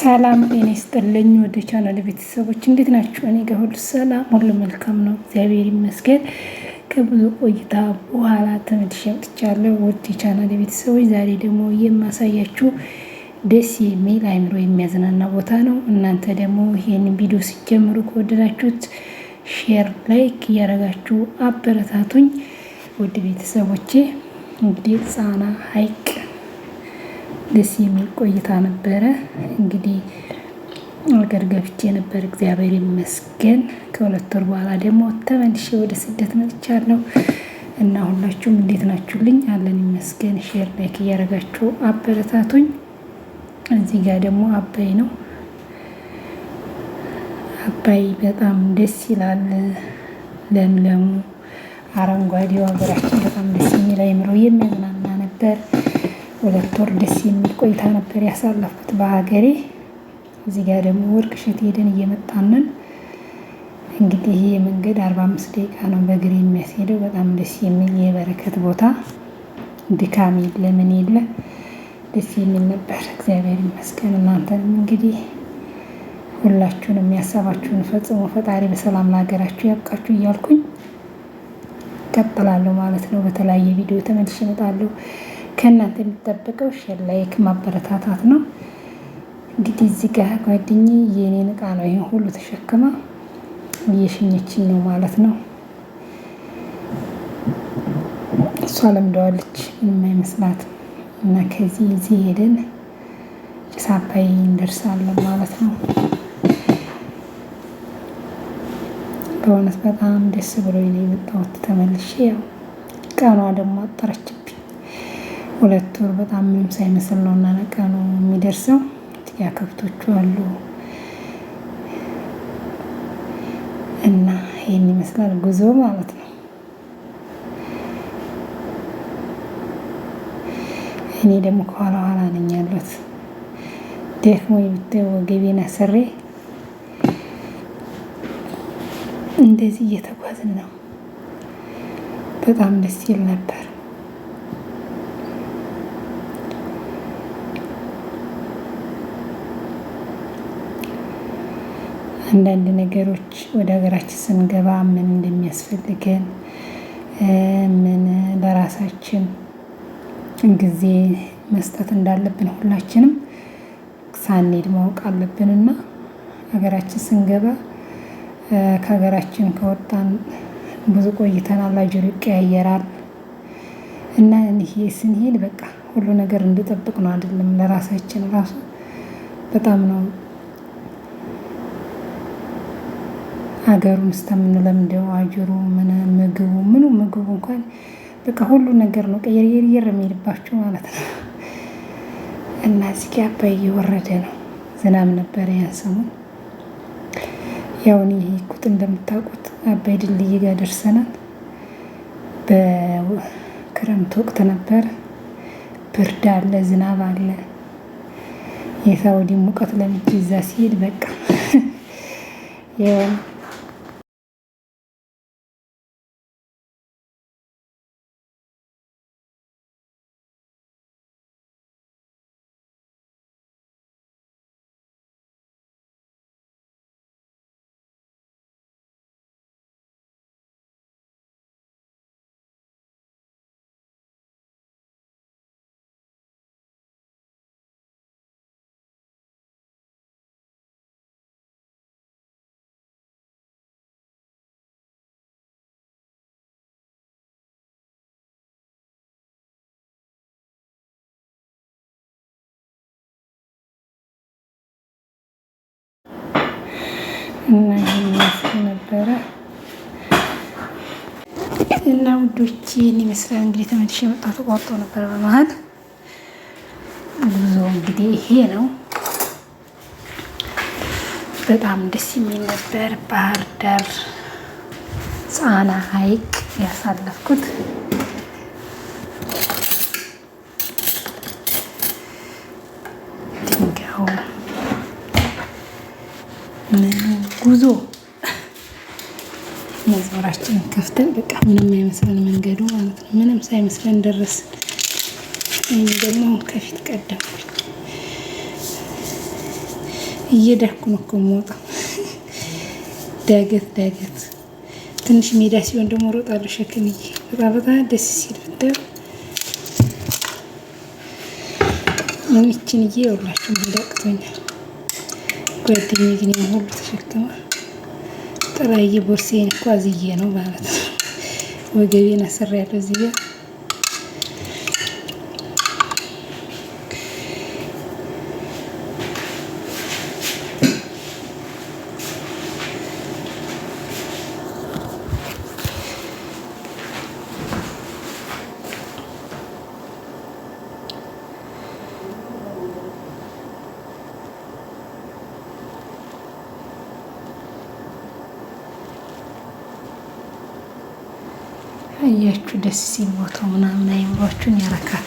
ሰላም ጤና ይስጥልኝ። ወደ ቻናል ቤተሰቦች እንዴት ናቸው? እኔ ጋር ሁሉ ሰላም፣ ሁሉ መልካም ነው፣ እግዚአብሔር ይመስገን። ከብዙ ቆይታ በኋላ ተመልሼ መጥቻለሁ። ወደ ቻናል ቤተሰቦች ዛሬ ደግሞ የማሳያችሁ ደስ የሚል አይምሮ የሚያዝናና ቦታ ነው። እናንተ ደግሞ ይህን ቪዲዮ ሲጀምሩ ከወደዳችሁት ሼር፣ ላይክ እያደረጋችሁ አበረታቱኝ። ወደ ቤተሰቦቼ እንግዲህ ጣና ሐይቅ ደስ የሚል ቆይታ ነበረ። እንግዲህ አገር ገብቼ ነበር፣ እግዚአብሔር ይመስገን። ከሁለት ወር በኋላ ደግሞ ተመልሼ ወደ ስደት መጥቻለሁ እና ሁላችሁም እንዴት ናችሁልኝ? አለን ይመስገን። ሼር ላይክ እያደረጋችሁ አበረታቱኝ። እዚህ ጋር ደግሞ አባይ ነው። አባይ በጣም ደስ ይላል። ለምለሙ አረንጓዴው ሀገራችን በጣም ደስ የሚል አይምሮ የሚያዝናና ነበር። ሁለት ወር ደስ የሚል ቆይታ ነበር ያሳለፍኩት በሀገሬ። እዚህ ጋር ደግሞ ወርቅ እሸት ሄደን እየመጣንን እንግዲህ ይህ መንገድ አርባ አምስት ደቂቃ ነው በእግር የሚያስሄደው። በጣም ደስ የሚል የበረከት ቦታ፣ ድካም የለ ምን የለ ደስ የሚል ነበር። እግዚአብሔር ይመስገን። እናንተ እንግዲህ ሁላችሁን የሚያሰባችሁን ፈጽሞ ፈጣሪ በሰላም ለሀገራችሁ ያብቃችሁ እያልኩኝ ቀጥላለሁ ማለት ነው። በተለያየ ቪዲዮ ተመልሼ እመጣለሁ። ከእናንተ የሚጠበቀው ሼር፣ ላይክ ማበረታታት ነው። እንግዲህ እዚህ ጋር ጓደኝ የእኔን እቃ ነው ይህን ሁሉ ተሸክማ እየሸኘችኝ ነው ማለት ነው። እሷ ለምደዋለች የማይመስላት እና ከዚህ እዚህ ሄደን ጭስ አባይ እንደርሳለን ማለት ነው። በእውነት በጣም ደስ ብሎኝ ነው የመጣሁት ተመልሼ። ያው ቀኗ ደግሞ አጠረችኝ። ሁለት ወር በጣም ምንም ሳይመስል ነው እና ነቃ ነው የሚደርሰው። ያ ከብቶቹ አሉ እና ይህን ይመስላል ጉዞ ማለት ነው። እኔ ደግሞ ከኋላ ኋላ ነኝ ያሉት ደክሞ የምትወ ወገቤን ስሬ እንደዚህ እየተጓዝን ነው። በጣም ደስ ይል ነበር። አንዳንድ ነገሮች ወደ ሀገራችን ስንገባ ምን እንደሚያስፈልገን ምን ለራሳችን ጊዜ መስጠት እንዳለብን ሁላችንም ሳንሄድ ማወቅ አለብንና ሀገራችን ስንገባ ከሀገራችን ከወጣን ብዙ ቆይተናል። አየሩ ይቀያየራል እና ይሄ ስንሄድ በቃ ሁሉ ነገር እንድጠብቅ ነው አይደለም ለራሳችን ራሱ በጣም ነው ሀገሩን እስከምንለምደው አጅሩ ምን ምግቡ ምኑ ምግቡ እንኳን በቃ ሁሉ ነገር ነው ቀየርየርየር የሚሄድባቸው ማለት ነው። እና እዚህ አባይ እየወረደ ነው። ዝናብ ነበረ ያን ሰሞን ያውን ይሄ እንደምታውቁት አባይ ድልድይ ጋ ደርሰናል። በክረምት ወቅት ነበር። ብርድ አለ፣ ዝናብ አለ። የሳውዲ ሙቀት ለምጅ ሲሄድ በቃ እና ይመስል ነበረ እና ውዶቼ ይመስላል እንግዲህ ተመልሼ መጣሁ። ተቋርጦ ነበረ በመሀል ጉዞ እንግዲህ ይሄ ነው። በጣም ደስ የሚል ነበር። ባህር ዳር ጣና ሐይቅ ያሳለፍኩት ድንጋዩ ምን ጉዞ መዝሙራችንን ከፍተን በቃ ምንም አይመስለን መንገዱ ማለት ነው። ምንም ሳይመስለን ደረስ ይህ ደግሞ ከፊት ቀደም እየዳኩ ነው እኮ የምወጣው። ዳገት ዳገት ትንሽ ሜዳ ሲሆን ደግሞ ሮጣለሁ ሸክንዬ በጣበታ ደስ ሲል ፍደር ይችን እዬ የውላችሁ ሄዳ ጓደኛ ግን ሁሉ ተሸክተማ ጥራዬ ቦርሴን እኮ አዝዬ ነው ማለት ነው። ወገቤን አስሬያለሁ እዚህ ጋር አያችሁ ደስ ሲል ቦታው ምናምን አይምሯችሁን ያረካል።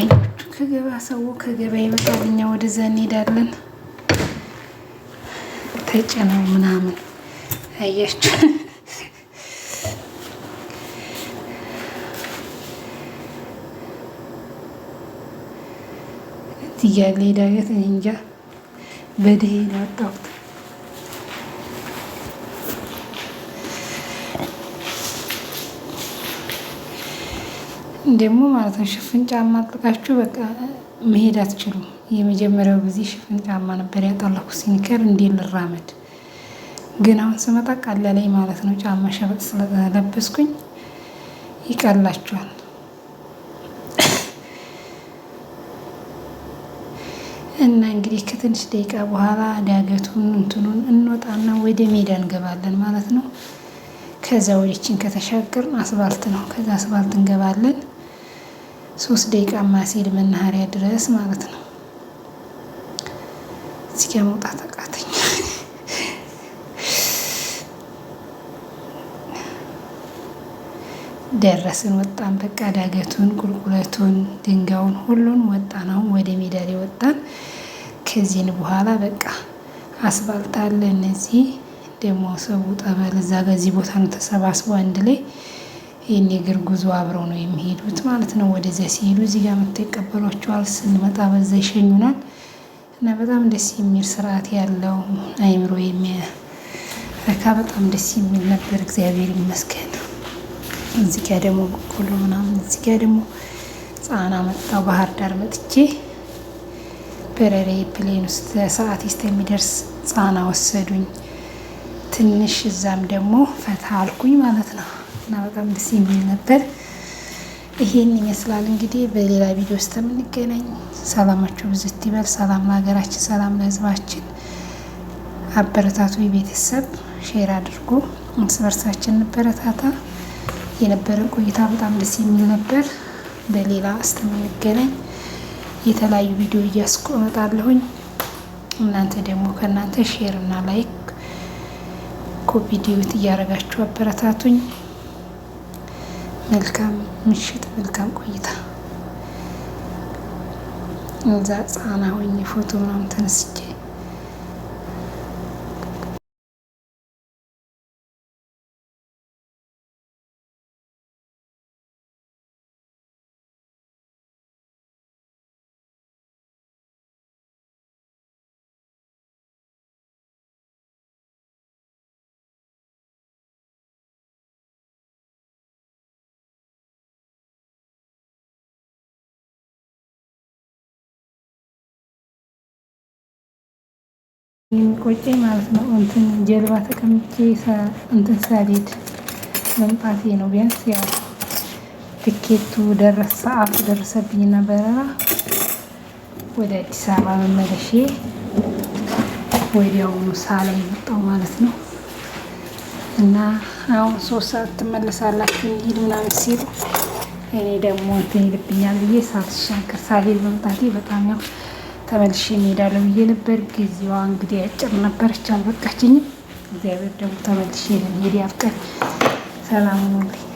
አያችሁ ከገባ ሰው ከገባ ይመጣል። እኛ ወደዛ እንሄዳለን። ተጨነው ምናምን አያችሁ እያለ ሄዳገት እንጃ በደሄ ወጣሁት ደግሞ ማለት ነው ሽፍን ጫማ አጥልቃችሁ በቃ መሄድ አትችሉም። የመጀመሪያው ጊዜ ሽፍን ጫማ ነበር ያጠለኩ ሲኒከር እንዴ ልራመድ። ግን አሁን ስመጣ ላይ ማለት ነው። ጫማ ሸበጥ ስለለበስኩኝ ይቀላችኋል። እና እንግዲህ ከትንሽ ደቂቃ በኋላ ዳገቱን እንትኑን እንወጣና ወደ ሜዳ እንገባለን ማለት ነው። ከዛ ወደችን ከተሻገርን አስፋልት ነው። ከዛ አስፋልት እንገባለን። ሶስት ደቂቃ ማስሄድ መናኸሪያ ድረስ ማለት ነው። እዚህ ጋ መውጣት አቃተኝ። ደረስን፣ ወጣን። በቃ ዳገቱን፣ ቁልቁለቱን፣ ድንጋውን ሁሉን ወጣን። አሁን ወደ ሜዳ ላይ ወጣን። ከዚህን በኋላ በቃ አስፋልት አለ። እነዚህ ደግሞ ሰው ጠበል እዛ በዚህ ቦታ ነው ተሰባስቦ አንድ ላይ ይህን የእግር ጉዞ አብረው ነው የሚሄዱት ማለት ነው። ወደዚያ ሲሄዱ እዚህ ጋር የምትቀበሏቸዋል። ስንመጣ በዛ ይሸኙናል እና በጣም ደስ የሚል ስርዓት ያለው አይምሮ የሚያረካ በጣም ደስ የሚል ነበር። እግዚአብሔር ይመስገን። እዚህ ጋ ደግሞ በቆሎ ምናምን፣ እዚህ ጋ ደግሞ ጻና መጣው ባህር ዳር መጥቼ በረሬ ፕሌን ውስጥ ሰዓት እስከሚደርስ ጻና ወሰዱኝ። ትንሽ እዛም ደግሞ ፈታ አልኩኝ ማለት ነው። እና በጣም ደስ የሚል ነበር። ይሄን ይመስላል እንግዲህ። በሌላ ቪዲዮ ውስጥ የምንገናኝ ሰላማችሁ ብዝት ይበል። ሰላም ለሀገራችን፣ ሰላም ለህዝባችን አበረታቱ ቤተሰብ፣ ሼር አድርጎ እርስ በርሳችን እንበረታታ። የነበረን ቆይታ በጣም ደስ የሚል ነበር። በሌላ እስከምንገናኝ የተለያዩ ቪዲዮ እያስቆመጣለሁኝ እናንተ ደግሞ ከእናንተ ሼር እና ላይክ ኮፒ ዲዩት እያደረጋችሁ አበረታቱኝ። መልካም ምሽት፣ መልካም ቆይታ። እዛ ህጻና ሆኜ ፎቶ ምናምን ተነስቼ የሚቆጨኝ ማለት ነው እንትን ጀልባ ተቀምጬ እንትን ሳልሄድ መምጣቴ ነው። ቢያንስ ያው ትኬቱ ደረስ ሰዓቱ ደረሰብኝና በረራ ወደ አዲስ አበባ መመለሼ ወዲያውኑ ሳላይ መጣው ማለት ነው። እና አሁን ሶስት ሰዓት ትመለሳላችሁ እንሂድ ምናምን ሲሉ እኔ ደግሞ እንትን ይልብኛል ብዬ ሳልሻገር ሳልሄድ መምጣቴ በጣም ያው ተመልሼ እሄዳለሁ ብዬ ነበር። ጊዜዋ እንግዲህ አጭር ነበረች፣ አልበቃችኝም። እግዚአብሔር ደግሞ ተመልሼ ለመሄድ ያብቃኝ። ሰላም ሁኑልኝ።